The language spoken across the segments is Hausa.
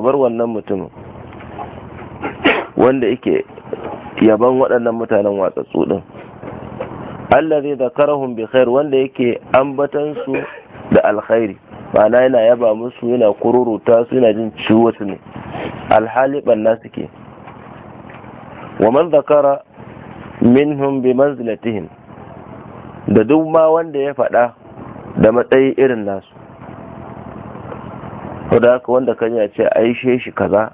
bar wannan mutumin wanda yake yaban waɗannan mutanen watsatsu ɗin allazi zakarahum bi khair wanda yake ambatan su da alkhairi ma'ana yana yaba musu yana kururuta su yana jin ciwo su ne alhali banna suke wa man zakara minhum bi manzilatihim da duk ma wanda ya faɗa da matsayi irin nasu ko da haka wanda kan ya ce ai shi kaza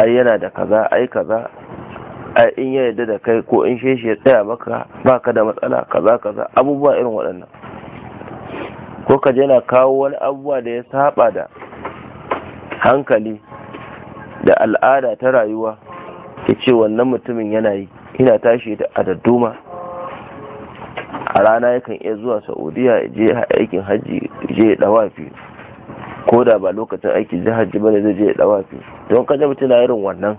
ai yana da kaza ai kaza ai in ya yarda da kai ko in sheshi ya tsaya maka baka da matsala kaza kaza abubuwa irin waɗannan ko ka yana kawo wani abubuwa da ya saba da hankali da al'ada ta rayuwa ya ce wannan mutumin yana yi ina tashi da adadduma a rana yakan iya zuwa saudiya je aikin hajji je dawafi ko da ba lokacin aiki jihar ba da zai je ya dawa fi don ka ji mutum irin wannan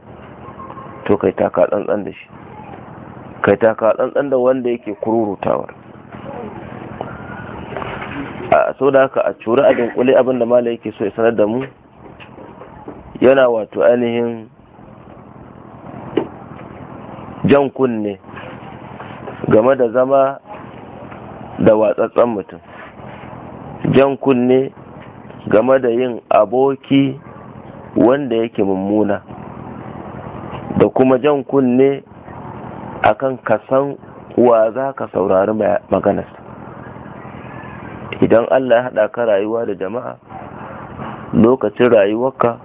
to kai taka tsantsan da shi kai taka tsantsan da wanda yake kururutawar a so da haka a curi a dunkule abin da mala yake so ya sanar da mu yana wato ainihin jan kunne game da zama da watsatsan mutum jan kunne game da yin aboki wanda yake mummuna da kuma jan kunne akan kasan wa za ka saurari maganar idan Allah ya haɗa ka rayuwa da jama'a lokacin rayuwarka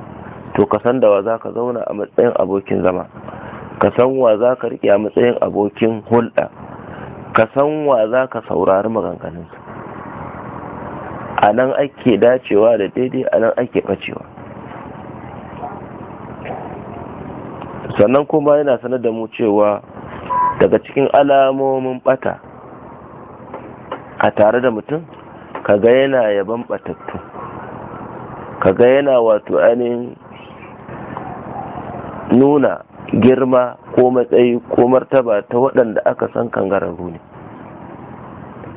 to kasan da wa za ka zauna a matsayin abokin zama ka san wa za ka riƙe a matsayin abokin hulɗa kasan wa za ka saurari maganganunsa a nan ake dacewa da daidai a nan ake bacewa sannan kuma yana sanar da mu cewa daga cikin alamomin bata a tare da mutum ka ga yana yaban batattu ga yana wato ainihin nuna girma ko matsayi ko martaba ta waɗanda aka san kangararru ne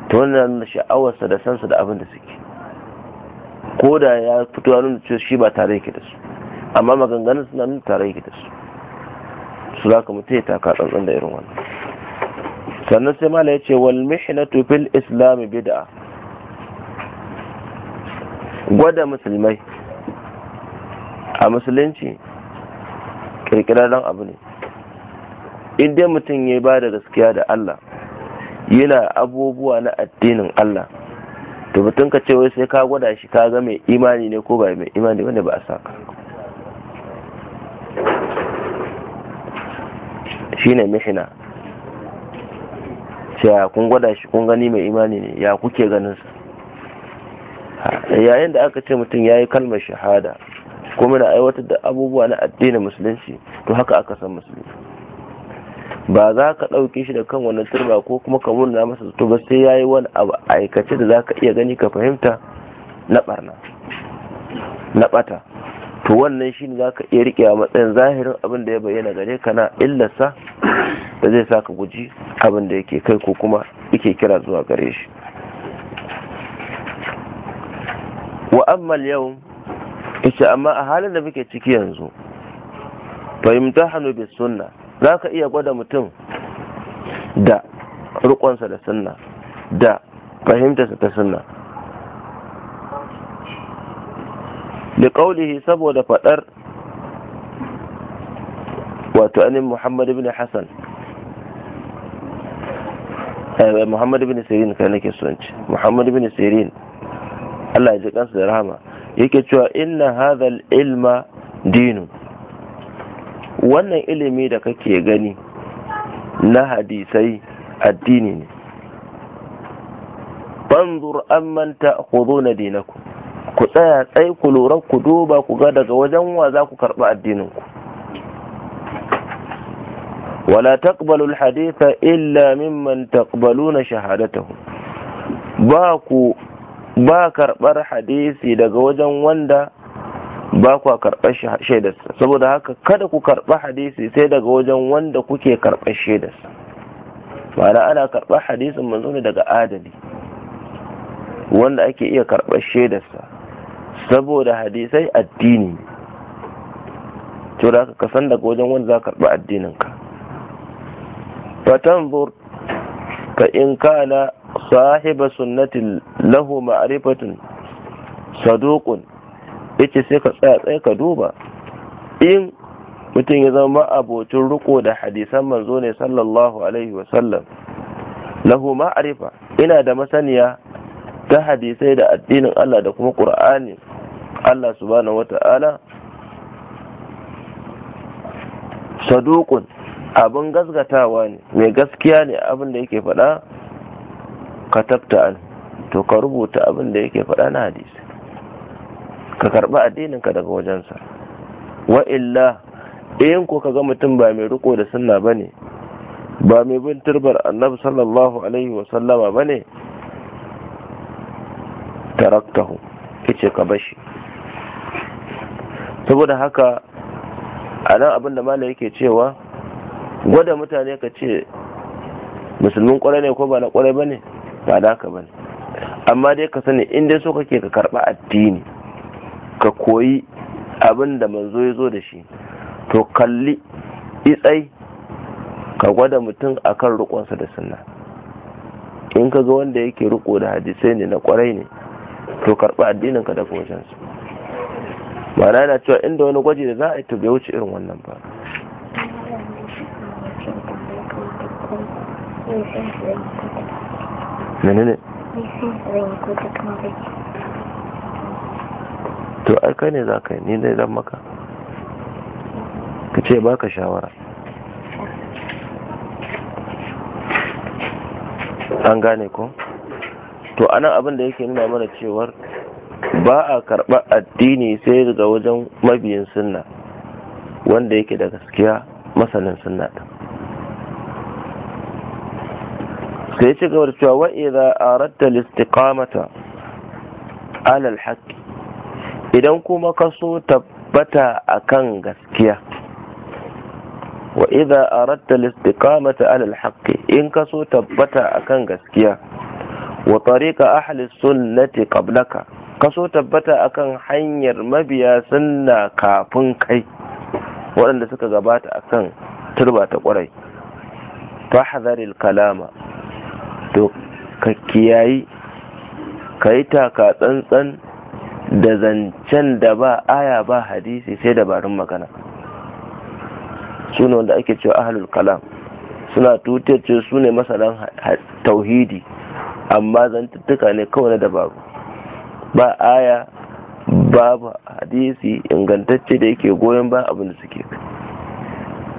ta wannan sha'awarsa da sansa da abin da suke ko da ya fito ya nuna cewa shi ba tare yake da su amma maganganun suna nuna tare yake da su su za ka mutu ya taka tsantsan da irin wannan sannan sai mala ya ce wal mihnatu fil islami bid'a gwada musulmai a musulunci kirkirarren abu ne in dai mutum ya ba da gaskiya da Allah yana abubuwa na addinin Allah to mutum ka ce wai sai ka gwada shi ka ga mai imani ne ko ba mai imani wanda ba a sa Shi shine mihina ya kun gwada shi kun gani mai imani ne ya kuke ganin sa yayin da aka ce mutum ya yi kalmar shahada kuma na aiwatar da abubuwa na addinin musulunci to haka aka san musulunci ba za ka ɗauke shi da kan wannan turba ko kuma ka murna masa zato ba sai yayi wani abu aikace da za ka iya gani ka fahimta na barna na bata to wannan shi ne za ka iya riƙe a matsayin zahirin abin da ya bayyana gare ka na illarsa da zai sa ka guji abin da yake kai ko kuma yake kira zuwa gare shi wa amma yau ita amma a halin da muke ciki yanzu fahimta hannu bi sunna za ka iya gwada mutum da rukunsa da sunna da fahimtarsa ta sunna liƙaulihi saboda faɗar wato anin muhammad ibn hassan eh, muhammad ibn sirin kai nake son muhammad ibn sirin allah ya ji kansa da rahama yake cewa inna hadha ilma dinu. wannan ilimi da kake gani na hadisai addini ne manta hudu na dinaku. ku tsaya tsai ku lura ku duba ku ga daga wajen wa za ku karɓi addininku wala taqbalu haditha illa mimman taqbaluna shahadatahu ba ku ba karɓar hadisi daga wajen wanda ba kwa karɓar shaidarsa saboda haka kada ku karɓa hadisi sai daga wajen wanda kuke karɓar shaidarsa ma'ana ana karɓar hadisin manzo ne daga adali wanda ake iya karɓar shaidarsa saboda hadisai addini to da ka san daga wajen wanda za ka karɓi addininka fatanzur ka in kana sahiba sunnatin lahu ma'rifatun saduqun yace sai ka tsaya tsaya ka duba in mutum ya zama abocin riko da hadisan manzo ne sallallahu alaihi wasallam lahu ma'arifa ina da masaniya ta hadisai da addinin Allah da kuma Qur'ani Allah subhanahu wata'ala saduqun abin gasgatawa ne mai gaskiya ne abin da yake faɗa ka tafta to ka rubuta abin da yake faɗa na hadisi ka karɓi addininka daga wajensa wa illa in ko kaga mutum ba mai riko da sunna bane ba mai bin turbar annabi sallallahu alaihi wa sallama bane taraktahu yace ka bashi saboda haka a nan abinda da yake cewa gwada mutane ka ce musulmin kwarai ne ko ba na kwarai bane ba da haka bane amma dai ka sani in dai so kake ka karba addini ka koyi abin da manzo ya zo da shi to kalli itsai ka gwada mutum a kan riƙonsa da sunna in ka ga wanda yake riko da hadisai ne na kwarai ne to karɓi addinin ka da wajensu ma'ana yana cewa inda wani gwaji da za a yi to bai wuce irin wannan ba menene to ai kai ne za ka yi ni ne zan maka ka ce ba ka shawara an gane ko to anan abin da yake nuna mana cewar ba a karɓa addini sai daga wajen mabiyin sunna wanda yake da gaskiya masanin sunna ɗin sai ci gaba da cewa wa'iza a rattal alal haƙƙi. idan kuma ka so tabbata a kan gaskiya wa idza aradta al-istiqamata ala al in ka so tabbata akan gaskiya wa tariqa ahli sunnati qablaka ka so tabbata akan hanyar mabiya sunna kafin kai waɗanda suka gabata akan turba ta ƙwarai fahzaril kalama to ka kiyayi ka yi taka tsantsan da zancen da ba aya ba hadisi sai dabarun magana suna wanda ake cewa ahalul kalam suna tutace su ne masanan tauhidi amma zantuttuka ne kawai na dabaru ba aya babu hadisi ingantacce da yake goyon ba abin da suke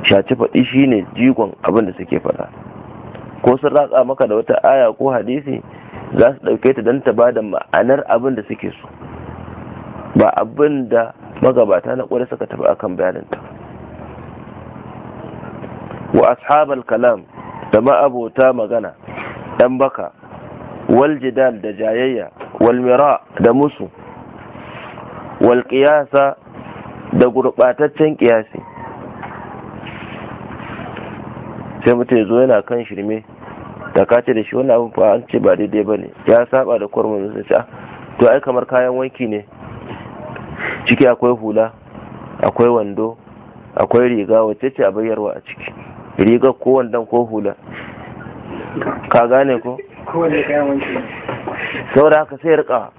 shaci faɗi shine jigon abin da suke faɗa ko sun ratsa maka da wata aya ko hadisi za su ɗauke ta don ta ba da ma'anar abin da suke so ba abin da magabata na kwarai suka tafi akan bayaninta wa ashabal kalam da ma'abota magana ɗan baka wal da jayayya wal mira da musu wal da gurɓataccen ƙiyasi sai mutum zo yana kan shirme da ka ce da shi wani abin fa an ce ba daidai ba ne ya saba da kwarmar sai ah, to ai kamar kayan wanki ne ciki akwai hula akwai wando akwai riga wacce ce a bayarwa a ciki riga ko wandon ko hula ka gane ko saboda haka sai rika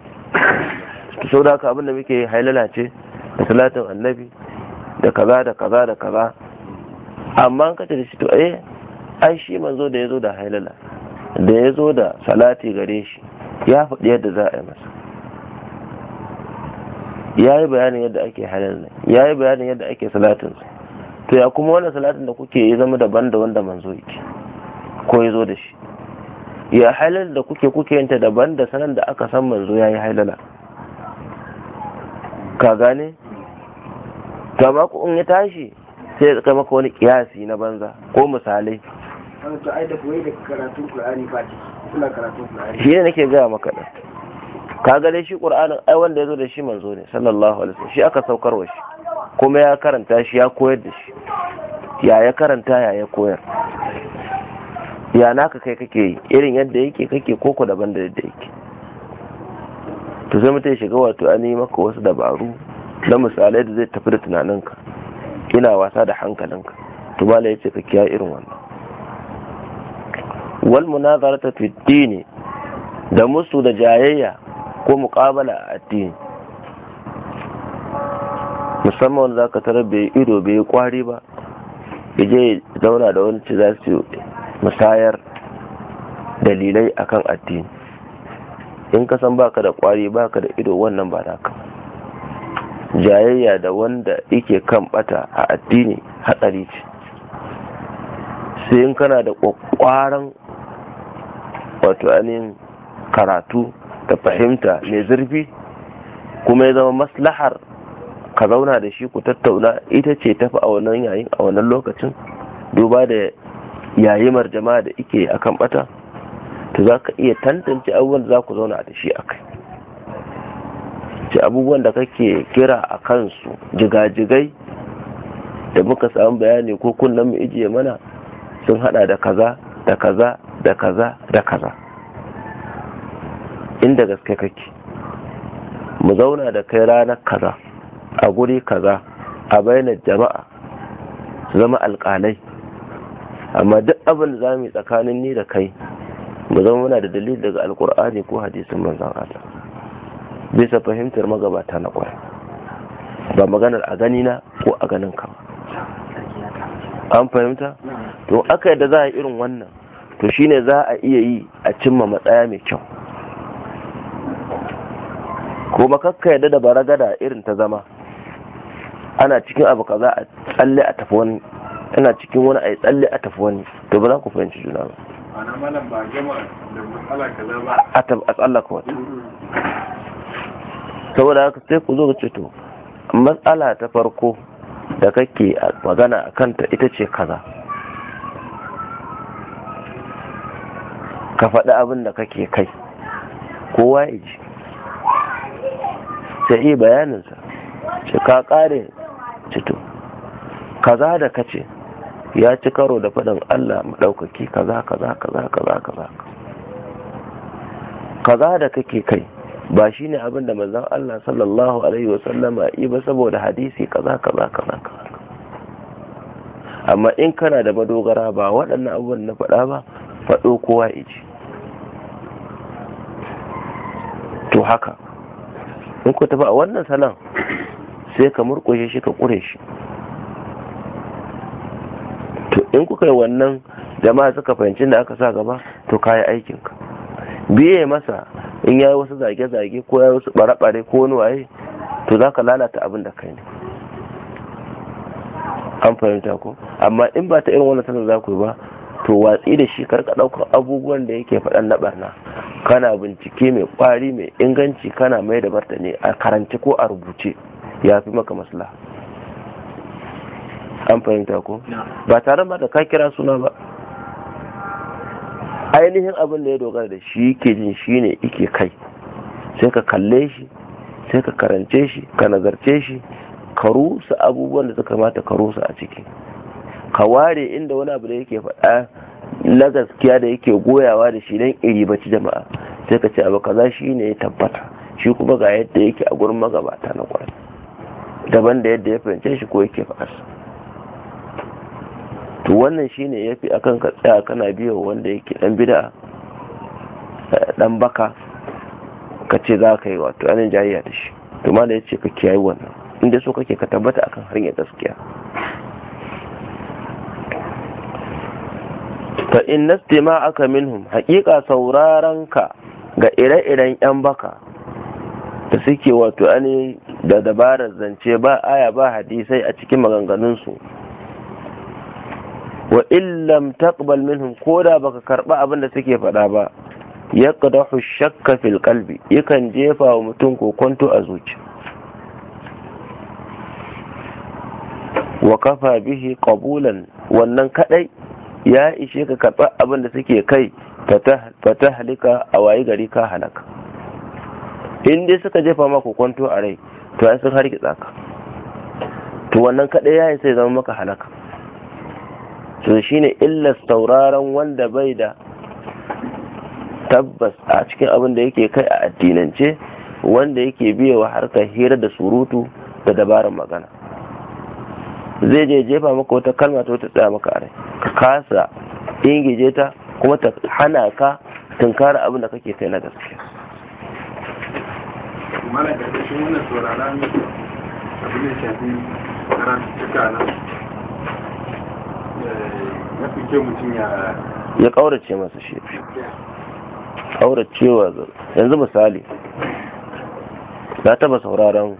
saboda haka abinda muke hailala ce da salatin annabi da kaza da kaza da kaza amma ka ce da shi to eh ai shi manzo da ya zo da hailala da ya zo da salati gare shi ya faɗi yadda za a yi masa ya yi bayanin yadda ake halin ne ya yi bayanin yadda ake salatin to ya kuma wannan salatin da kuke ya zama daban da wanda manzo yake ko ya zo da shi ya halal da kuke kuke yanta daban da sanan da aka san manzo ya yi halala ka gane kama ku in ya tashi sai ya maka wani kiyasi na banza ko misalai to ai da koyi da karatun suna karatun shi ne nake gaya maka da kaga dai shi qur'anin ai wanda yazo da shi manzo ne sallallahu alaihi wasallam shi aka wa shi kuma ya karanta shi ya koyar da shi ya ya karanta ya ya koyar ya naka kai kake irin yadda yake kake koko daban da yadda yake to sai mutai shiga wato an yi maka wasu dabaru na misalai da zai tafi da tunaninka ina wasa da hankalinka to mala yace ka kiya irin wannan wal munazarata fi dini da musu da jayayya ko muƙabala a addini musamman wanda za ka bai ido bai kwari ba ya je zauna da wani ce za su musayar dalilai akan addini in ka san baka da kwari baka da ido wannan ba naka jayayya da wanda yake kan bata a addini hatsari ce sai in kana da kwakwaran wato anin karatu da fahimta mai zurfi kuma ya zama maslahar ka zauna da shi ku tattauna ita ce tafi a wannan yayin a wannan lokacin duba da yayimar jama'a da ike kan bata to za ka iya tantance abubuwan da za ku zauna da shi a kai ce abubuwan da kake kira a kansu jigajigai da muka samu bayani ko kunnen mu ijiye mana sun hada da kaza da kaza da kaza da kaza inda gaske kake mu zauna da kai ranar kaza a guri kaza a bainar jama'a zama alkalai amma duk abin da za mu yi tsakanin ni da kai mu zama muna da dalil daga alkur'ani ko hadisin manzon Allah bisa fahimtar magabata na kwaya ba maganar a gani na ko a ganin ka an fahimta to aka da za a yi irin wannan to shine za a iya yi a cimma matsaya mai kyau ko makakka yadda da baragada irin ta zama ana cikin abu kaza a tsalle a tafi wani ana cikin wani a tsalle a tafi wani to ba za ku fahimci juna ba a ka wata saboda haka sai ku zo ku ce to matsala ta farko da kake magana a kanta ita ce kaza ka faɗi abin da kake kai kowa ya ji sai yi bayaninsa ce ka kare cito kaza da kace ya ci karo da faɗin Allah maɗaukaki kaza kaza kaza kaza kaza kaza da kake kai ba shi ne abin da manzon Allah sallallahu alaihi wa sallama yi ba saboda hadisi kaza kaza kaza kaza amma in kana da madogara ba waɗannan abubuwan na faɗa ba faɗo kowa iji to haka in ku tafi a wannan salon sai ka murƙushe shi ka kure shi to in kuka yi wannan jama'a suka fahimci da aka sa gaba to kayi aikinka biye masa in yayi wasu zage-zage ko yayi wasu ɓare-ɓare, ko wani to za ka lalata abin da kai ne an fahimta ku. amma in ba ta irin wannan salon za ku yi ba to watsi da shi karka ɗaukar abubuwan da yake faɗan na barna kana bincike mai kwari mai inganci kana mai da ne a karance ko a rubuce ya fi maka maslaha an fahimta ko ba tare ba da ka kira suna ba ainihin abin da ya dogara da shi ke jin shi ne ike kai sai ka kalle shi sai ka karance shi ka nazarce shi ka rusa abubuwan da suka kamata ka rusa a ciki ka ware inda wani abu da yake faɗa na gaskiya da yake goyawa da shi don ci jama'a sai ka ce abu kaza shi ne ya tabbata shi kuma ga yadda yake a gurin magabata na kwarai daban da yadda ya fahimce shi ko yake fa'as to wannan shi ne ya fi a kan ka a kana biyo wanda yake dan bida dan eh, baka ka ce za ka yi wato anan jayayya da shi to ma da ya ce ka kiyaye wannan inda so kake ka tabbata akan hanyar gaskiya fa in nastima aka minhum haƙiƙa sauraron ka ga ire-iren 'yan baka da suke wato ani da dabarar zance ba aya ba hadisai a cikin maganganunsu wa illam taqbal minhum ko da baka karba abin da suke faɗa ba ya qadahu shakka fil qalbi yakan jefa wa mutum kokonto a zuci wa kafa bihi qabulan wannan kadai ya ishe ka karɓar abin da suke kai fata halika a wayi gari ka halaka in dai suka jefa maka kwanto a rai to ai sun harki tsaka. to wannan kaɗai ya sai zama maka halaka to shine illas tauraron wanda bai da tabbas a cikin abin da yake kai a addinance wanda yake biya wa harkar hira da surutu da dabarar magana zai je jefa maka wata kalma ta wata tsaya maka rai ka kasa ingije ta kuma ta hana ka tunkara abin da kake kai na gaskiya na eh, ya fi ya kaurace masa shi yanzu misali na taba sauraron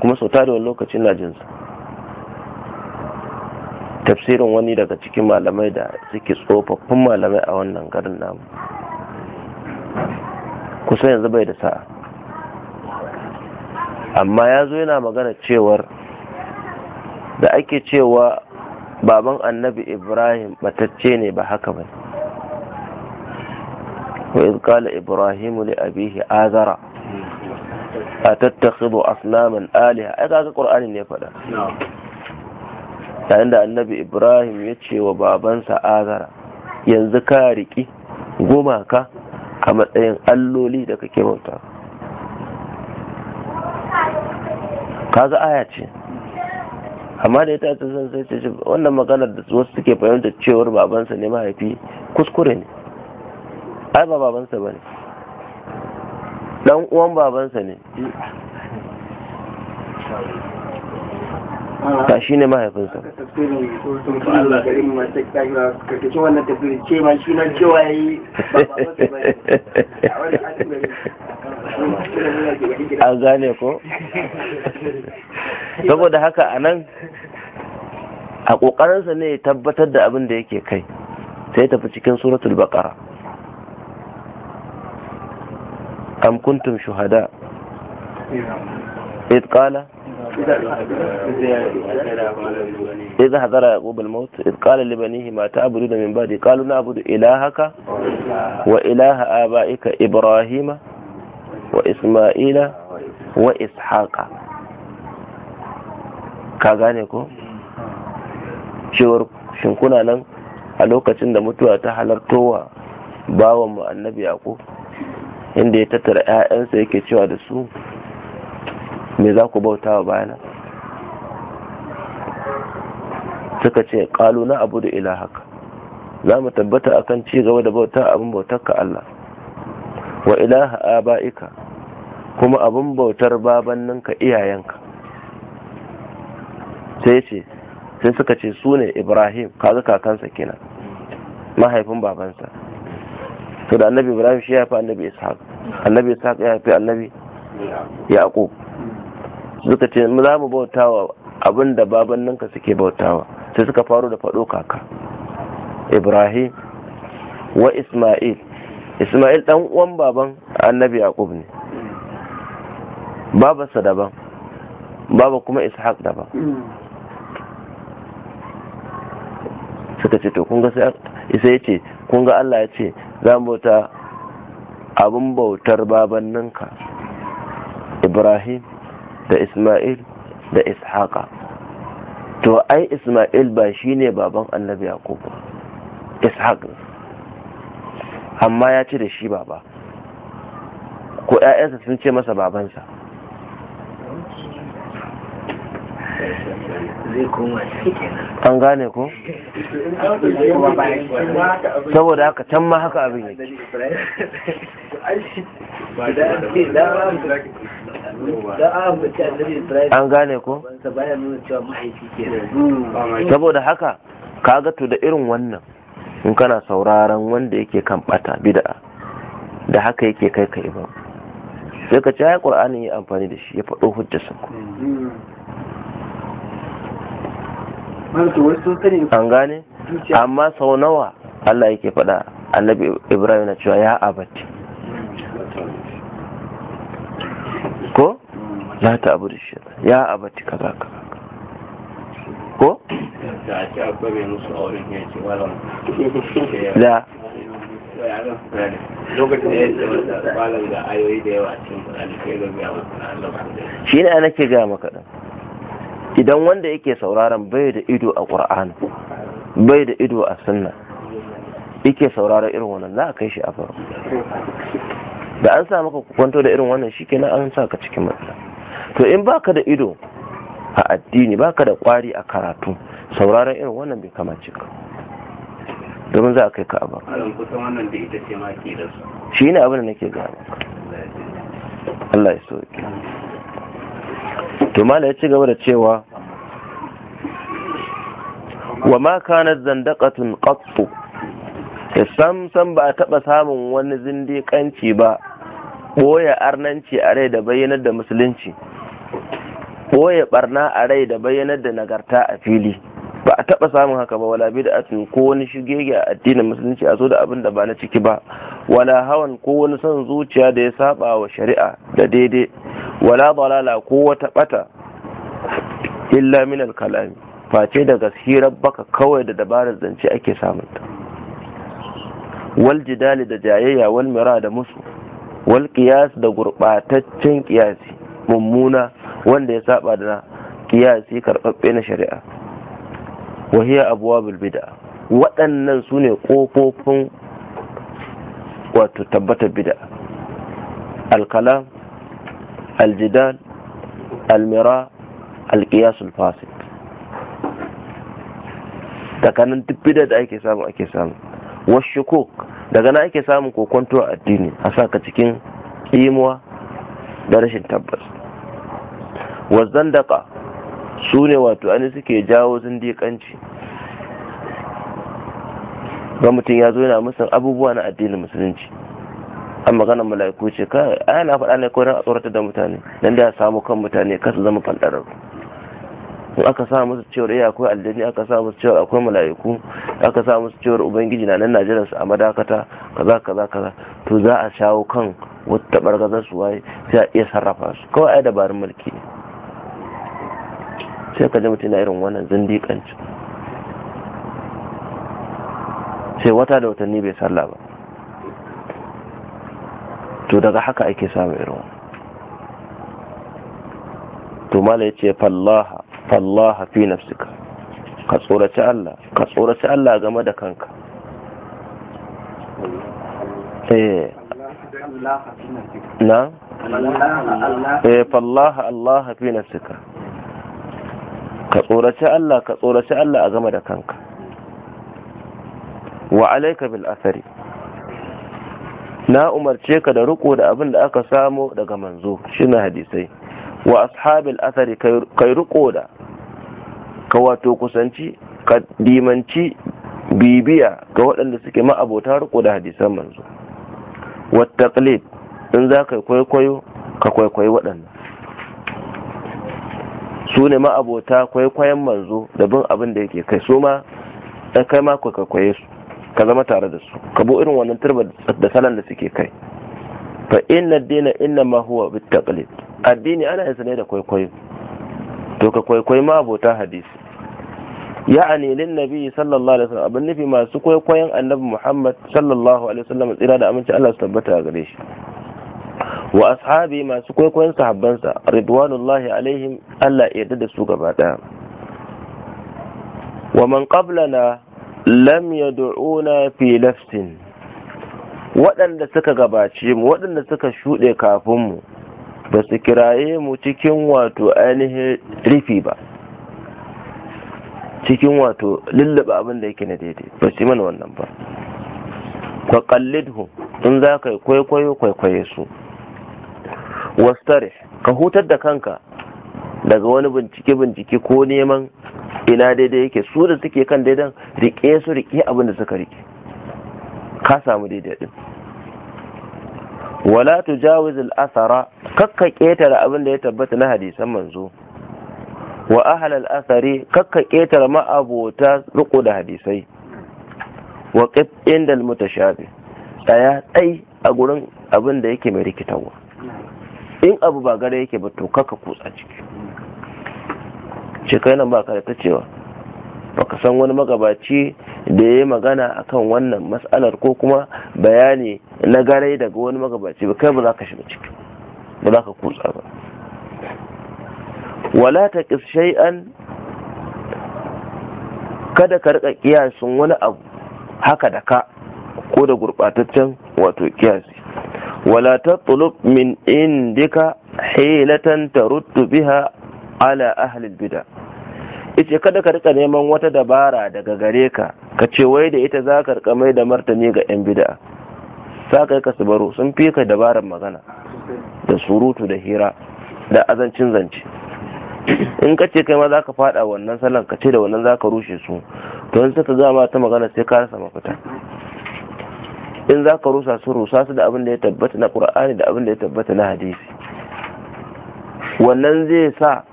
kuma sau da wani lokacin na jinsa tafsirin wani daga cikin malamai da suke tsofaffin malamai a wannan garin namu kusa yanzu bai da sa'a amma ya zo yana magana cewar da ake cewa baban annabi ibrahim batacce ne ba haka ba wa iz qala ibrahim li abihi azara atattakhidhu asnaman aliha ai gaga qur'ani ne faɗa yayin da annabi ibrahim ya ce wa babansa azara yanzu ka riƙi gumaka a matsayin alloli da kake bauta kaga aya ce amma da ita ta san sai ce wannan maganar da wasu suke fahimtar cewar babansa ne mahaifi kuskure ne ai ba babansa ba ne dan uwan babansa ne ta shi ne mahaifinsa a gane ko saboda haka a nan a ƙoƙarinsa ne ya tabbatar da abin da yake kai sai tafi cikin suratul baƙara am kuntum shuhada إذ قال إذا حضر يعقوب الموت إذ قال لبنيه ما تعبدون من بعدي قالوا نعبد إلهك وإله آبائك إبراهيم وإسماعيل وإسحاق ka gane ko cewar shinkuna nan a lokacin da mutuwa ta halartowa bawan annabi inda ya tattara 'ya'yansa yake cewa da su me za ku bauta wa bayana suka ce ƙalu na abu da ila haka za mu tabbata a kan cigaba da bauta abin bautar ka Allah wa ilaha aba'ika kuma abin bautar babanninka iyayenka sai ce sai suka ce su ne ibrahim kaga kakansa kenan mahaifin babansa to da annabi ibrahim shi ya haifi annabi ishaq annabi ishaq ya haifi annabi yaqub suka ce za mu bauta wa abin da ninka suke bautawa sai suka faru da faɗo kaka ibrahim wa isma'il isma'il ɗan uwan baban annabi yaqub ne babarsa daban baba kuma ishaq daban suka ce to kunga sai ya ce kunga allah ya ce za mu bauta abin bautar baban ninka ibrahim da isma'il da ishaqa to ai isma'il ba shine baban annabi yaqub ishaq amma ya ci da shi baba ko ƴaƴansa sun ce masa babansa an gane ko saboda haka can ma haka abin yake an gane ko hmm. saboda haka ka gato da irin wannan in kana sauraron wanda yake kan bata bid'a da haka yake kai ka ba sai ka ci ya ƙwar'ani ya amfani da shi ya faɗo hujjarsa an gane amma sau nawa Allah yake faɗa annabi Ibrahim na cewa ya abati la ta abu da shi ya abati kaza kaza ko da shi ne nake gaya maka ɗan idan wanda yake sauraron bai da ido a ƙur'an bai da ido a sunna yake sauraron irin wannan za a kai shi a faru da an sa maka kwanto da irin wannan shi kenan an sa ka cikin matsala to in baka da ido a addini baka da kwari a karatu sauraron irin wannan bai kamace ka domin za a kai ka ba shi ne abin da nake gano Allah ya soke to mala ya ci gaba da cewa wa ma kana zandaqatun qattu da samsam ba a taɓa samun wani zindiƙanci ba ɓoye arnanci a rai da bayyanar da musulunci boye barna a rai da bayyanar da nagarta a fili ba a taɓa samun haka ba wala bid'atin ko wani shigege a addinin musulunci a zo da abin da ba na ciki ba wala hawan ko wani son zuciya da ya saba wa shari'a da daidai wala balala ko wata bata illa min kalami face daga hirar baka kawai da dabarar zance ake samunta wal jidali da jayayya wal mira da musu wal qiyas da gurbataccen qiyasi mummuna wanda ya saba da kiyasi karɓaɓɓe na shari'a wa hiya abwabul bid'a waɗannan su ne ƙofofin wato tabbatar bid'a al-kalam al-jidal al-mira al-qiyas al-fasid takanin duk bid'a da ake samu ake samu washukuk daga nan ake samun kokonto a addini a saka cikin imuwa da rashin tabbas wazzandaka su ne wato ani suke jawo zindikanci ga mutum ya zo yana musan abubuwa na addinin musulunci an magana mala'iku ce kai ana faɗa ne ko a tsoratar da mutane dan da ya samu kan mutane kasu zama fanɗararru in aka sa musu cewar iya eh, akwai aljani aka sa musu cewar akwai mala'iku aka sa musu cewar ubangiji na nan najeriya su a madakata kaza kaza kaza to za a shawo kan wata bargazar su waye sai a iya sarrafa su kawai ai dabarun mulki sai ka ji mutum na irin wannan zindiƙanci sai wata da watanni bai sallah ba to daga haka ake samun irin to mala ya ce fallaha fallaha fi nafsika ka tsoraci Allah ka tsoraci Allah game da kanka eh na eh, Allah fi nafsika ka tsoraci Allah ka game da kanka na umarce ka da riko da abin da aka samu daga manzo shi na hadisai wa ashabil athari kai riko da ka wato kusanci ka dimanci bibiya ga waɗanda suke ma'abota riko da hadisan manzo wa taqlid in za ka kwaikwayo ka kwaikwayi waɗanda su ne ma'abota kwaikwayon manzo da bin abin da yake kai su ma kai ma ka kwaikwaye su ka zama tare da su ka bo irin wannan turba da salan da suke kai fa inna dina inna ma huwa bitaqlid addini ana yin ne da kwaikwayo to ka ma abota hadisi ya'ani lin nabi sallallahu alaihi wasallam abin nufi masu kwaikwayon annabi muhammad sallallahu alaihi wasallam tsira da aminci Allah su tabbata a gare shi wa ashabi masu kwaikwayon sa ridwanullahi alaihim Allah ya yarda da su gaba daya wa man qablana lam yad'una fi lafsin waɗanda suka gabace mu waɗanda suka shuɗe kafin mu ba su kiraye mu cikin wato ainihin rifi ba cikin wato lullaba abin da yake na daidai ba su mana wannan ba ka kallidhu in za ka yi kwaikwayo kwaikwaye su wastare ka hutar da kanka daga wani bincike bincike ko neman ina daidai yake su da suke kan daidan rike su rike abinda da suka rike ka samu daidai din wala tujawiz al-athara kakka ketara abin da ya tabbata na hadisan manzo wa ahlal al-athari kakka ma abota ruku da hadisai wa qit inda al-mutashabi tsaya tsai a gurin abin da yake mai rikitarwa in abu ba gare yake ba to kakka kutsa ciki shi kai nan ba ka da ta cewa baka san wani magabaci da ya yi magana akan wannan matsalar ko kuma bayani na garai daga wani magabaci ba kai ba za ka shiga ciki ba za ka kutsa ba wala ta shay'an kada ka rika kiyasin wani abu haka da ka ko da gurɓataccen wato kiyasi wala ta tulub min indika hilatan taruddu biha ala ahlil bid'a yace kada ka rika neman wata dabara daga gare ka ka ce wai da ita za ka rika mai da martani ga yan bid'a sa kai ka subaro sun fi ka dabarar magana da surutu da hira da azancin zance in ka ce kai ma za ka fada wannan salon ka ce da wannan za ka rushe su to in suka gama ta magana sai ka rasa mafita in za ka rusa su rusa su da abin da ya tabbata na qur'ani da abin da ya tabbata na hadisi wannan zai sa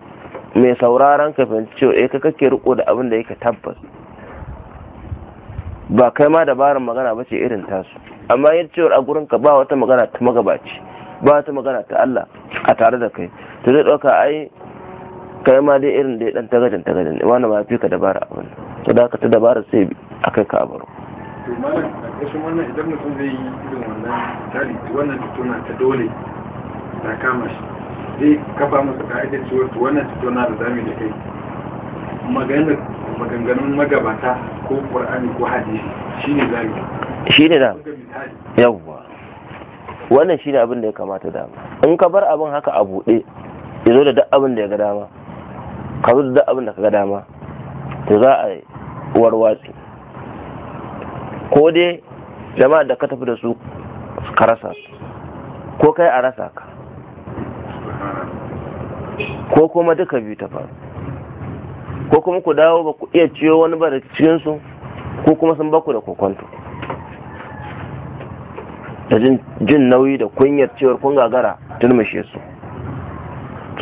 mai sauraron ka fahimci cewa eh ka kake riko da abin da yake tabbas ba kai ma dabarar magana ba ce irin tasu amma yin cewar a gurin ka ba wata magana ta magabaci ba wata magana ta Allah a tare da kai to zai ɗauka ai kai ma dai irin dai dan tagajin tagajin wani ba fi ka dabara abin to da ka ta dabara sai a kai ka baro to malam kashin wannan idan mutum zai yi irin wannan tsari wannan tuna ta dole kama shi zai kafa masa ka'idar cewa to wannan tattauna da zamu da kai maganganun magabata ko qur'ani ko hadisi shine zai shine da yawwa wannan shine abin da ya kamata da in ka bar abin haka a buɗe ya zo da duk abin da ya ga dama ka zo da duk abin da ka ga dama to za a warwatsi ko dai jama'a da ka tafi da su ka rasa ko kai a rasa ka ko kuma duka biyu ta faru ko kuma ku dawo ba ku iya ciyo wani ba da cikinsu ko kuma sun baku da kokonto da jin nauyi da kunyar cewar kun gagara turmushe su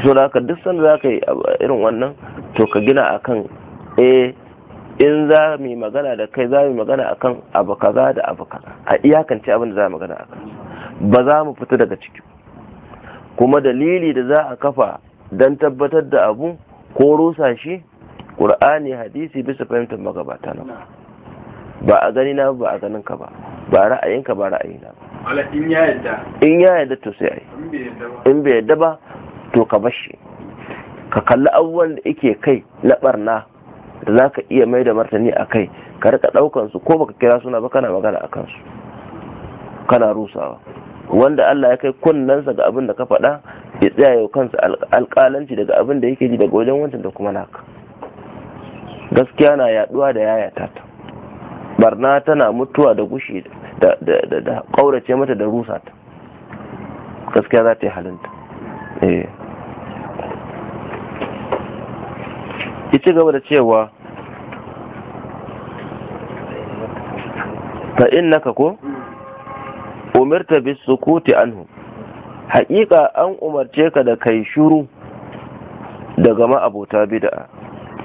so da haka duk sanda za ka yi irin wannan to ka gina akan E, eh, in za mu yi magana da kai za mu yi magana akan abu kaza da abu kaza a iyakance abin da za mu magana akan ba za mu fita daga ciki kuma dalili da za a kafa Dan tabbatar da abu ko rusa shi ƙur'ani hadisi bisa fahimtar magabata na ba a gani na ba a ganin ka ba ba ra'ayinka ba ra'ayina in ya yadda in ya yadda to sai ai in bai yadda ba to ka bar shi ka kalli abubuwan da yake kai na barna da za ka iya mai da martani a kai ka rika ɗaukan su ko baka kira suna ba kana magana a kansu kana rusawa wanda Allah ya kai kunnensa ga abin da ka faɗa ya tsaya yau kansa alkalanci daga abin da yake ji daga wajen wancan da kuma naka gaskiya na yaduwa da yayata ta barna tana mutuwa da gushi da ƙaurace mata da rusa ta gaskiya za ta yi halinta ya eh. ci gaba da cewa fa naka ko umirta bisu sukuti anhu haƙiƙa an umarce ka da kai shuru daga ma'abota bid'a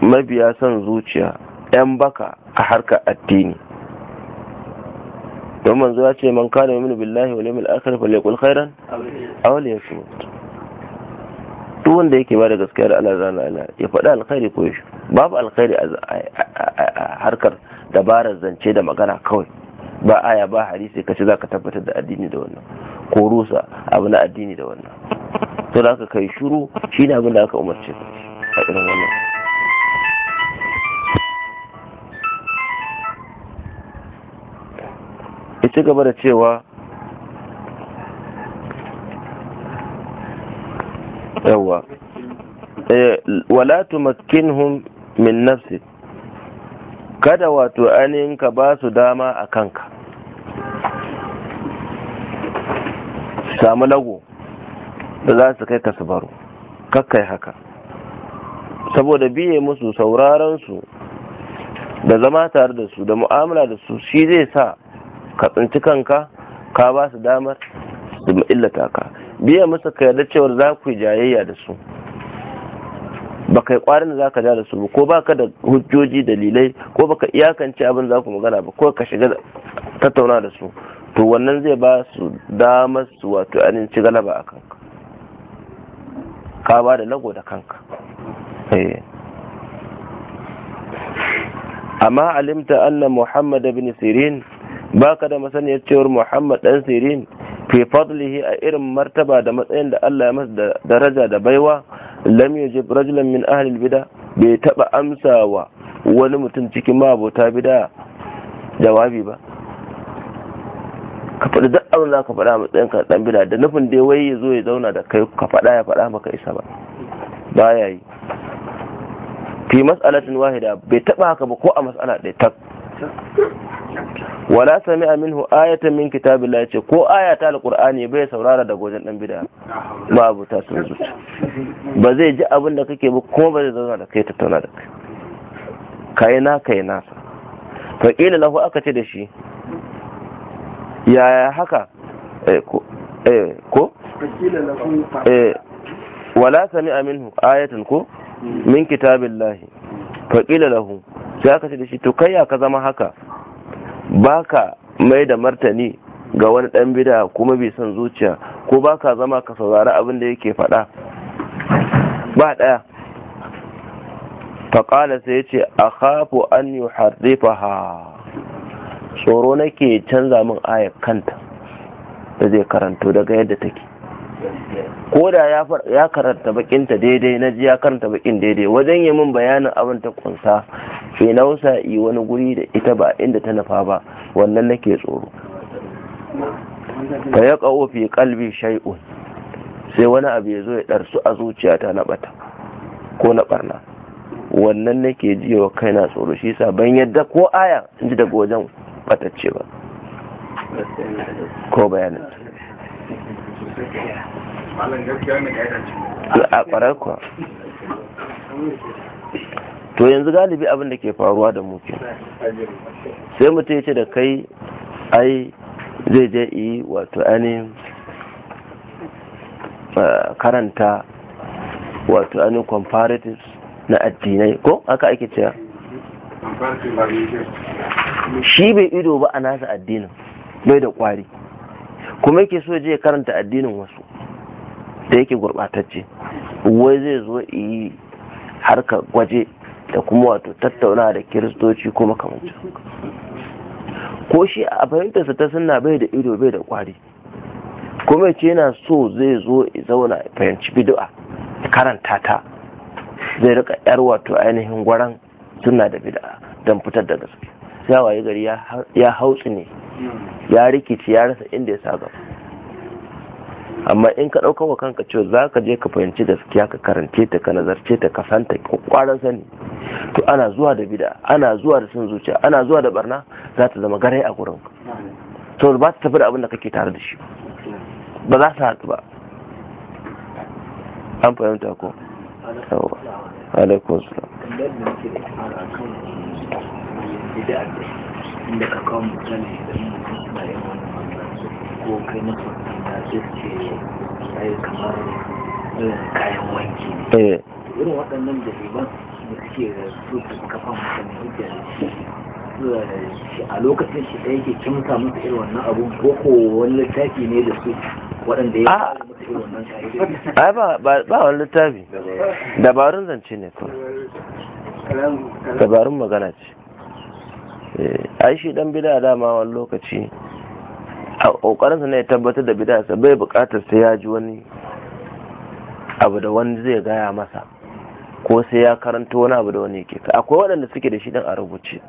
mabiya son zuciya 'yan baka a harka addini don manzo ya ce man kana yaminu billahi wa limil akhir liqul khairan aw yasmut duk wanda yake ba da gaskiya da Allah zana Allah ya faɗi alkhairi ko shi babu alkhairi a harkar dabarar zance da magana kawai ba aya ba hadisi kace zaka tabbatar da addini da wannan ko rusa abu na addini da wannan to da aka kai shuru shi ne abin da aka umarce a irin wannan ita gaba da cewa yawa eh, wala tumakkinhum min nafsi kada wato ainihin ka ba su dama a kanka samu lago da za su kai ka su baro kakkai haka saboda biye musu sauraron da zama tare da su da mu'amala da su shi zai sa ka tsinci kanka ka ba su damar su illata ka biye musu ka yarda cewar za ku yi jayayya da su ba kai kwarin da za ka ja da su ba ko ba ka da hujjoji dalilai ko ba ka iyakance abin za ku magana ba ko ka shiga tattauna da su to wannan zai ba su damar su wato anin ci galaba a kanka ka ba da lago da kanka eh. amma alimta anna muhammad bin sirin baka da masaniyar cewar muhammad dan sirin fi fadlihi a irin martaba da matsayin da Allah ya masa daraja da baiwa lam yajib rajulan min ahli bida bai taba wa wani mutum cikin mabota bida jawabi ba ka faɗi duk abin za ka faɗa matsayin ka dan bida da nufin dai wai ya zo ya zauna da kai ka faɗa ya faɗa maka isa ba ba ya yi fi mas'alatin wahida bai taɓa haka ba ko a mas'ala ɗaya tak wala sami minhu ayatan min kitabillah ce ko aya ta alqur'ani bai saurara da gojen dan bida babu ta sun zuci ba zai ji abin da kake ba ko ba zai zauna da kai tattauna da kai kai na kai nasa fa qila lahu aka ce da shi yaya haka eh, ko eh, eh, wala sami aminu ayatan ko min kitabin lahi faƙila lahu sai aka ce da shi to kai ya ka zama haka baka mai da martani ga wani ɗan bida kuma bai son zuciya ko baka zama ka saurari abin da yake faɗa ba ɗaya faƙala sai ya ce a an yi tsoro nake canza min ayar kanta da zai karanto daga yadda take ko da ya karanta bakinta daidai na ji ya karanta bakin daidai wajen yi min bayanin abin ta kunsa ke nausa yi wani guri da ita ba inda ta nafa ba wannan nake tsoro fa ya kawo fi kalbi shai'un sai wani abu ya zo ya ɗarsu a zuciyata na bata ko na barna wannan nake ji wa kaina tsoro shi sa ban yadda ko aya in ji daga wajen batacce ba ko bayanin a to yanzu galibi abin da ke faruwa da muke sai mutum ya ce da kai ai zai je yi wato ainihin karanta wato ainihin comparatives na addinai ko aka ake cewa shi bai ido ba a nasa addinin bai da ƙwari kuma yake so je karanta addinin wasu da yake gurɓatacce wai zai zo yi harka gwaje da kuma wato tattauna da kiristoci kuma kamancin ko shi a fahimtarsa ta sunna bai da ido bai da ƙwari kuma ce yana so zai zo ya zauna fahimci bid'a karanta ta zai rika yar wato ainihin gwaran suna da bid'a don fitar da gaske ya waye gari ya hautsi ne ya rikici ya rasa inda ya sa gaba amma in ka ɗaukar wa kanka cewa za ka je ka fahimci gaskiya ka karance ta ka nazarce ta ka santa kwaran sani to ana zuwa da bida ana zuwa da sun zuciya ana zuwa da barna za ta zama garai a gurin to ba ta tafi da abin da kake tare da shi ba za su haɗu ba an fahimta ko alaikum salam bid'a ce inda ka kawo mutane idan mutum suna yin wani magana ko kai musu da kamar kayan wanki ne eh. irin waɗannan da suke da su kafa mutane da a lokacin shi da yake kimta musu irin wannan abu ko ko wani littafi ne da su waɗanda ya ah. ai ba dabarun zance ne kawai dabarun magana ce Eh, ai shi dan bida dama wani lokaci a kokarinsa ne ya tabbatar da bida sa bai bukatar sai ya ji wani abu da wani zai gaya masa ko sai ya karanta wani abu da wani yake akwai waɗanda suke da shi dan a rubuce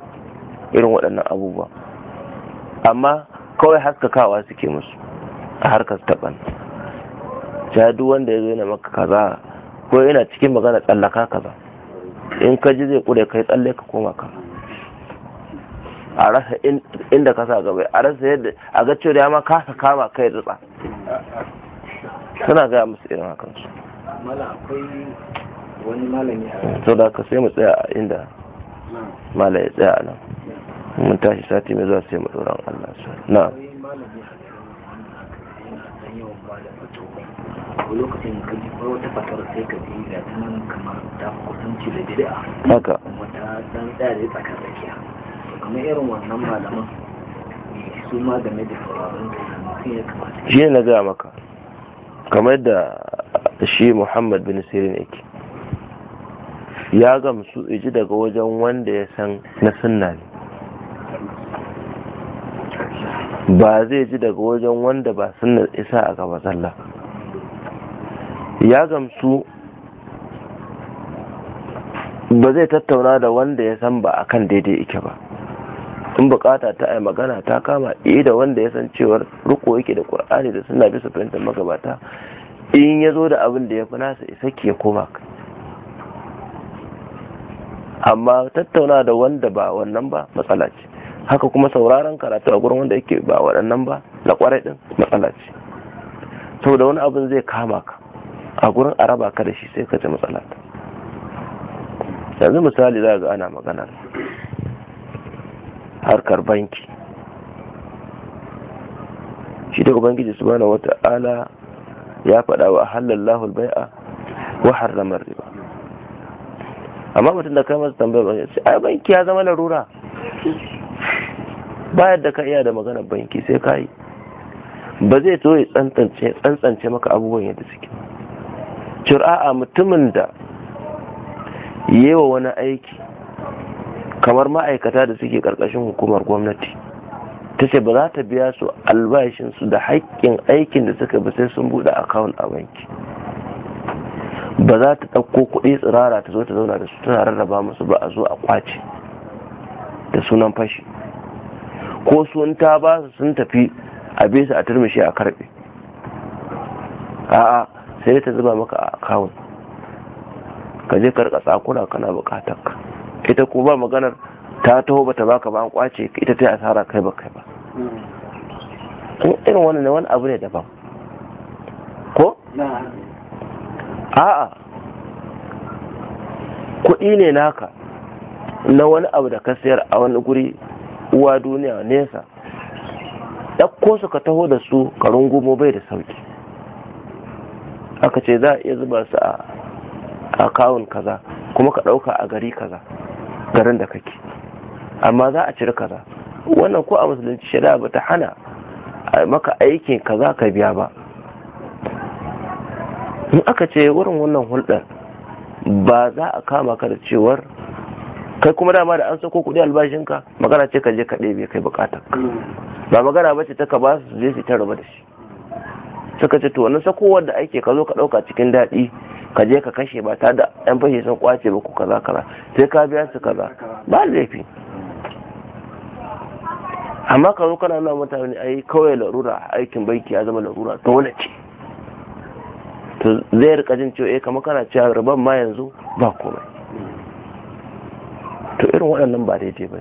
irin waɗannan abubuwa amma kawai haskakawa suke musu a harkar taɓan ja duk wanda ya zo yana maka kaza ko yana cikin magana tsallaka kaza in ka ji zai kure kai tsalle ka koma kaza a rasa inda ka sa gaba a rasa yadda a ga cewa ma kasa kama kai rutsa suna gaya musu irin hakan su wani malami a to da ka sai mu tsaya a inda mala ya tsaya nan mun tashi sati mai zuwa sai mu tsoron Allah su na lokacin ka ji ko wata fatar sai ka ji ga ta nan kamar ta kusanci da bid'a haka wata dan tsaya da tsakar tsakiya kamar irin wannan malaman su ma game da sauraron shi na gaya maka kamar da shi muhammad bin sirin yake ya gamsu iji daga wajen wanda ya san na sunna ne ba zai ji daga wajen wanda ba sunna isa a gaba tsalla ya gamsu ba zai tattauna da wanda ya san ba akan daidai ike ba in bukata ta yi magana ta kama iya eh, da wanda ya san cewar riko yake da qur'ani da suna bisa fahimtar magabata in ya zo da abin da ya fi nasa isa ke koma amma tattauna da wanda ba wannan ba matsala ce haka kuma sauraron karatu a gurin wanda yake ba waɗannan ba na kwarai din matsala ce saboda wani abin zai kama ka a gurin araba ka da shi sai ka ce matsala ta yanzu misali za ga ana maganar harkar banki shi da ubangiji subhanahu wata'ala ya faɗa wa halallahu albai'a wa harramar riba amma mutum da kai tambayar banki sai ai banki ya zama larura Bayar da ka iya da maganar banki sai ka yi ba zai so ya tsantsance maka abubuwan yadda suke cura'a mutumin da yi wa wani aiki kamar ma'aikata da suke karkashin hukumar gwamnati ta ce ba za ta biya su albashinsu da haƙƙin aikin da suka bi sai sun buɗe akawun a banki ba za ta ɗauko kuɗi tsirara ta zo ta zauna da su tana rarraba musu ba a zo a kwace da sunan fashi ko sun ta ba su sun tafi a bisa a turmishi a karɓe a'a sai ta zuba maka a akawun ka je karka tsakura kana bukatar ka ita ko ba maganar ta taho bata baka ba an kwace ita ta asara kai ba kai ba in irin wannan wani abu ne daban ko a'a kuɗi ne naka na wani abu da ka sayar a wani guri uwa duniya nesa ɗauko su ka taho da su ka rungumo bai da sauki aka ce za a iya zuba su a kawun kaza kuma ka ɗauka a gari kaza garin da kake amma za a cire kaza wannan ko a musulunci shari'a ba ta hana maka aikin kaza ka biya ba in aka ce wurin wannan hulɗar ba za a kama ka da cewar kai kuma dama da an sako kuɗi albashinka magana ce ka je ka ɗebe kai bukata ba magana ba ce ta ka ba su je su ta raba da shi suka ce to wannan sakowar da ake ka zo ka ɗauka cikin daɗi ka je ka kashe ba ta da yan fashe sun kwace ba ku kaza kaza sai ka biya su kaza ba laifi amma ka zo kana nuna mutane ai kawai larura aikin banki ya zama larura dole ce to zai rika jin cewa eh kama kana cewa riban ma yanzu ba komai to irin waɗannan ba daidai ba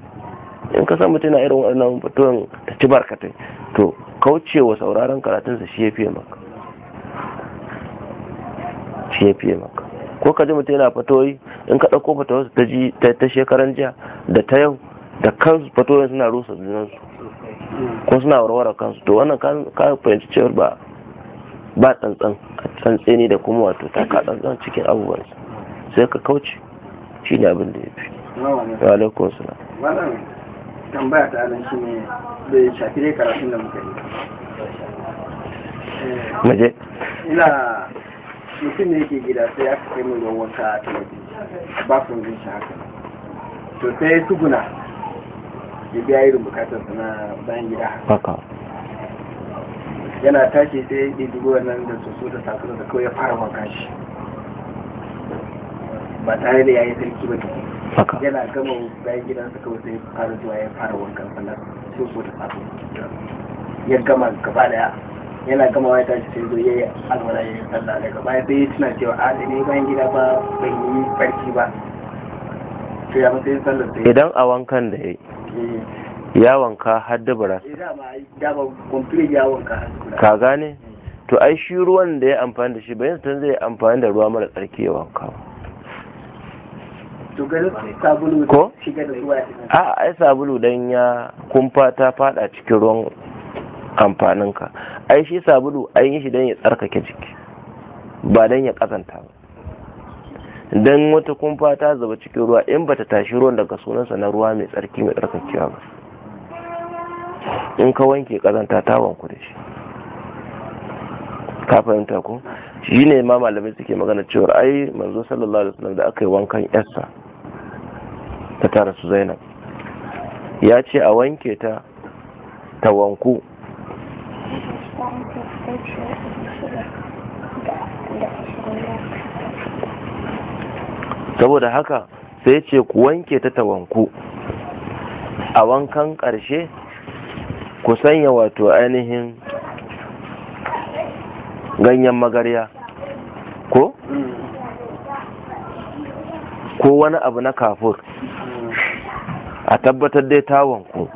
in ka san mutum na irin waɗannan fitowar ta ci barkatai to kaucewa sauraron karatunsa shi ya fiye maka fiye fiye maka ko ka ji mutum yana fatoyi in ka ɗauko fatowarsu ta ji ta shekaran jiya da ta yau da kansu fatoyin suna rusa junansu ko suna warware kansu to wannan ka fahimci cewar ba ba tsantsan tsantsi ne da kuma wato ta ka tsantsan cikin abubuwan sai ka kauce shi ne abin da ya fi wa wannan tambaya ta nan shi ne bai shafi karatun da muka yi eh, ina mutum ne yake gida sai aka kai mai ruwan wanka a talabi ba su wajen shi haka to sai tuguna ya biya irin bukatar na bayan gida haka yana tashi sai ya ɗiɗi nan da su da sakura da kawai ya fara wanka shi ba tare da ya yi sarki ba haka yana gama bayan gidansa kawai sai fara zuwa ya fara wankan sannan so da sakura ya gama gaba daya yana gama ya tashi sai zo yayi alwala yayi sallah daga baya sai ya tuna cewa ah, a ne bayan gida ba ban yi barci ba to ya sai sallar sai idan a wankan da yi eh. ya wanka har dubura eh, ka gane eh. to ai shi ruwan da ya amfani da shi bayan tun zai amfani da ruwa mara tsarki ya wanka ko a ai sabulu dan ya kumfa ta fada cikin ruwan amfaninka ai shi sabulu an yi shi don ya tsarkake jiki ba don ya kazanta ba don wata kumfa ta zuba cikin ruwa in bata tashi ruwan daga sunansa na ruwa mai tsarki mai tsarkakewa ba in ka wanke kazanta ta wanku da shi ka fahimta ko shi ne ma malamai suke magana cewa ai manzo sallallahu alaihi wasallam da aka yi wankan yarsa ta tara su zainab ya ce a wanke ta ta wanku saboda haka sai ce ku wanke ta tawanku a wankan ƙarshe ku sanya wato ainihin ganyen magarya ko ko wani abu na kafur a tabbatar dai tawanku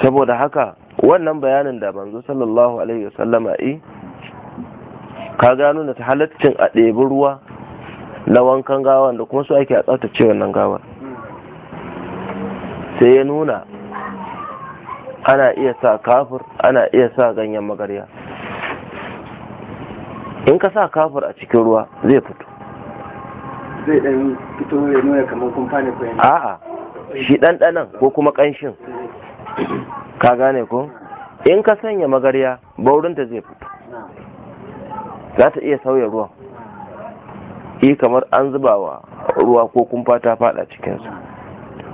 saboda haka wannan bayanin da manzo sallallahu alaihi wasallama yi ka gano da ta halaccin a ɗebi ruwa na wankan gawan da kuma su ake a tsaftace wannan gawar sai ya nuna ana iya sa kafur, ana iya sa ganyen magarya in ka sa kafur a cikin ruwa zai fito zai ɗan fito ya nuna kamar kumfa ne a'a shi ɗanɗanan ko kuma ƙanshin ka gane ko in ka sanya magarya baurinta zai fito za ta iya sauya ruwan yi kamar an zubawa ruwa ko kumfa ta fada cikinsu.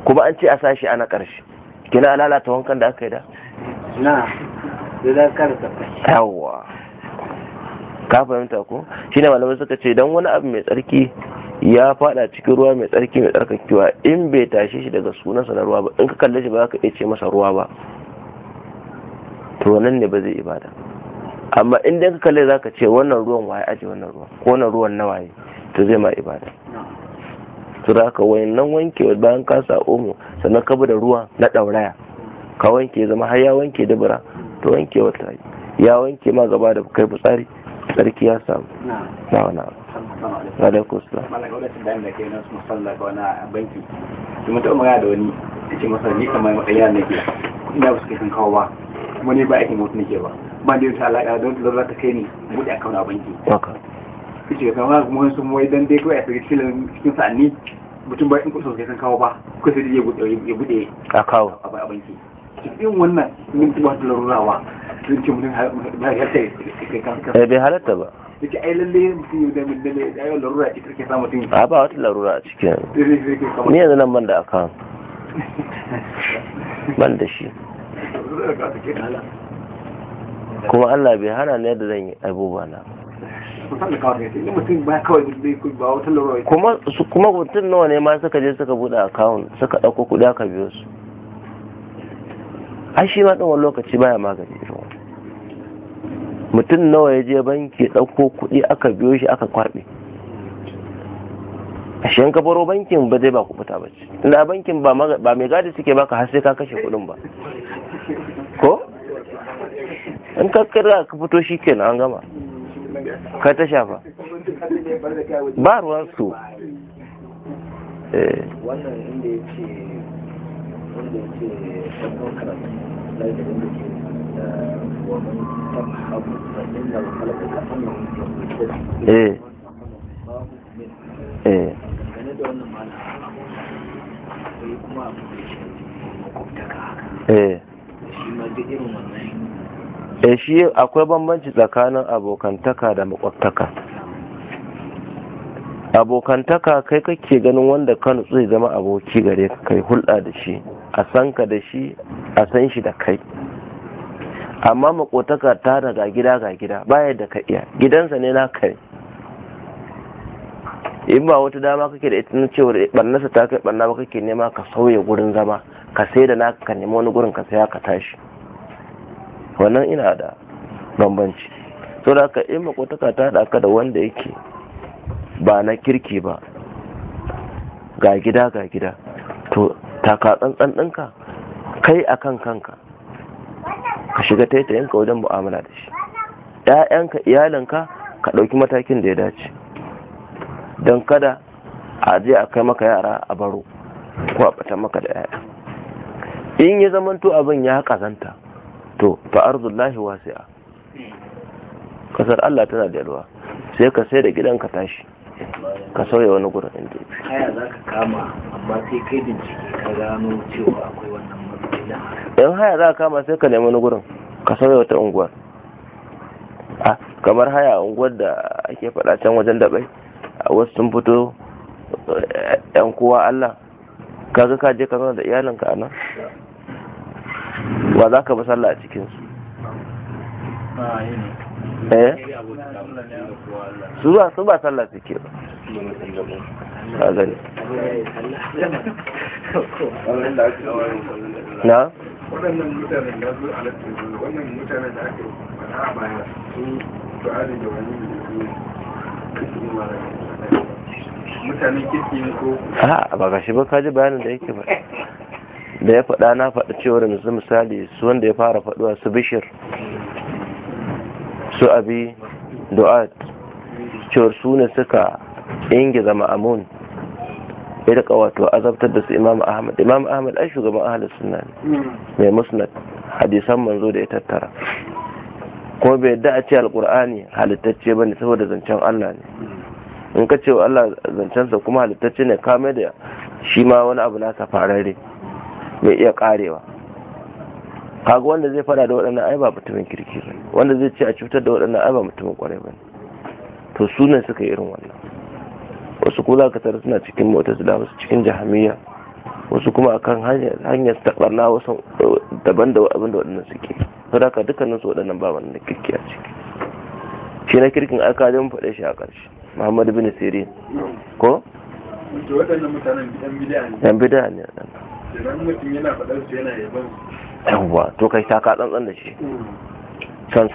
kuma an ce a sashi ana ƙarshe kina lalata wankan da aka yi da na da karsa yawwa ka fahimta ko ne malamai suka ce don wani abu mai tsarki ya fada cikin ruwa mai tsarki mai tsarkakewa in bai tashe shi daga sunansa na ruwa ba in ka kalle shi ba za ka iya ce masa ruwa ba to nan ne ba zai ibada amma in dai ka kalle zaka ce wannan ruwan waye aje wannan ruwan ko wannan ruwan na waye to zai ma ibada to da haka wayannan wanke bayan ka sa omo sannan ka bi da ruwa na dauraya ka wanke zama har ya wanke dubura to wanke wata ya wanke ma gaba da kai fitsari tsarki ya samu na wani abu alaikum na malaka wani sun da ke nan su musalla ga wani banki ki mutum magana da wani da ce masa ni kamar matsayi na ke ina ba su kai sun kawo ba kuma ne ba aikin mutum nake ba ba da yasa alaƙa don tuzo ta kai ni buɗe akawun a banki kace kamar kuma sun wai dan dai kawai a cikin cikin sa'anni mutum ba in kusa sai san kawo ba ko sai ya buɗe a kawo a banki cikin wannan min ba da rurawa sun ce mutum ba ya kai kan eh bai halatta ba yake ai lalle mutum da mun da ai larura cikin take sa mutum a ba wata larura a cikin ni yanzu nan ban da aka. ban da shi kuma Allah bai hana ne da zan yi abubuwa na kuma mutum nawa ne ma suka je suka buɗe akawun suka ɗauko kuɗi aka biyo su ai shi ma ɗan wani lokaci baya magani mutum nawa ya je banki ɗauko kuɗi aka biyo shi aka kwaɓe? ashe in ka baro bankin ba zai ba ku fita ba ce ina bankin ba mai gadi suke baka har sai ka kashe kuɗin ba ko in ka kira ka fito shi kenan an gama ka ta shafa ba ruwan su wannan inda ya ce wanda ya ce da ke da inda Eh. Eh. eh shi akwai bambanci tsakanin abokantaka da makwabtaka abokantaka kai kake ganin wanda kanu nutsu zama aboki gare kai hulɗa da shi a san ka da shi a san shi da kai amma makotaka ta daga gida ga gida baya da ka iya gidansa ne na kai in ba wata dama kake da ita na da barnasa ta kai barna ba kake nema ka sauya gurin zama ka sai da naka ka nemi wani gurin ka saya ka tashi wannan ina da bambanci da ka in makotaka ta haɗa da wanda yake ba na kirki ba ga gida ga gida to ta ka tsantsan ɗinka kai a kan kanka ka shiga taitayinka wajen mu'amala da shi ‘ya'yanka iyalinka ka ɗauki matakin da ya dace don kada a je a kai maka yara a baro ko a bata maka da yaya in ya to abin ya kazanta to fa arzullahi wasi'a kasar Allah tana da yalwa sai ka sai da gidan ka tashi ka sauya wani gurin inda ya haya za ka kama amma sai kai bincike ka gano cewa akwai wannan matsalolin in haya za ka kama sai ka nemi wani gurin ka sauya wata unguwar ah, kamar haya unguwar da ake faɗa can wajen bai? wasu sun fito yan kowa Allah kaga ka je ka zauna da iyalinka a nan ba za ka bi sallah a cikinsu eh su ba su ba sallah suke ba ka gani na waɗannan mutanen da su alaƙa wannan mutanen da ake fara baya su su da wani A'a ba shi ba ka ji bayanin da yake ba da ya faɗa na faɗa cewar yanzu misali su wanda ya fara faɗuwa su bishir su abi du'at cewar su ne suka zama amun ya rika wato azabtar da su imam ahmad imam ahmad ai shugaban ahalar sunna ne hmm. mai musnad hadisan manzo da ya tattara kuma bai yadda a ce alkur'ani halittacce ba ne saboda zancen allah ne in ka ce wa allah zancensa kuma halittacce ne kame da shi ma wani abu nasa farare mai iya karewa kaga wanda zai fada da waɗannan ai ba mutumin kirki ba wanda zai ce a cutar da waɗannan ai ba mutumin kwarai ba to sunan suka yi irin wannan wasu kula ka tara suna cikin mota su da wasu cikin jahamiya wasu kuma akan hanyar ta wasu daban da abin da waɗannan suke saboda dukkanin su waɗannan ba wannan kirki a ciki shi na kirkin aka zai mun faɗe shi a ƙarshe muhammadu bin sirin ko waɗannan mutanen yan bida ne idan mutum yana faɗar su yana yaban yawwa to kai ta ka tsantsan da shi mm.